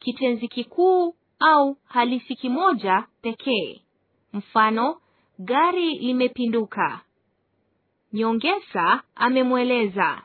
kitenzi kikuu au halisi kimoja pekee. Mfano, gari limepinduka. Nyongesa amemweleza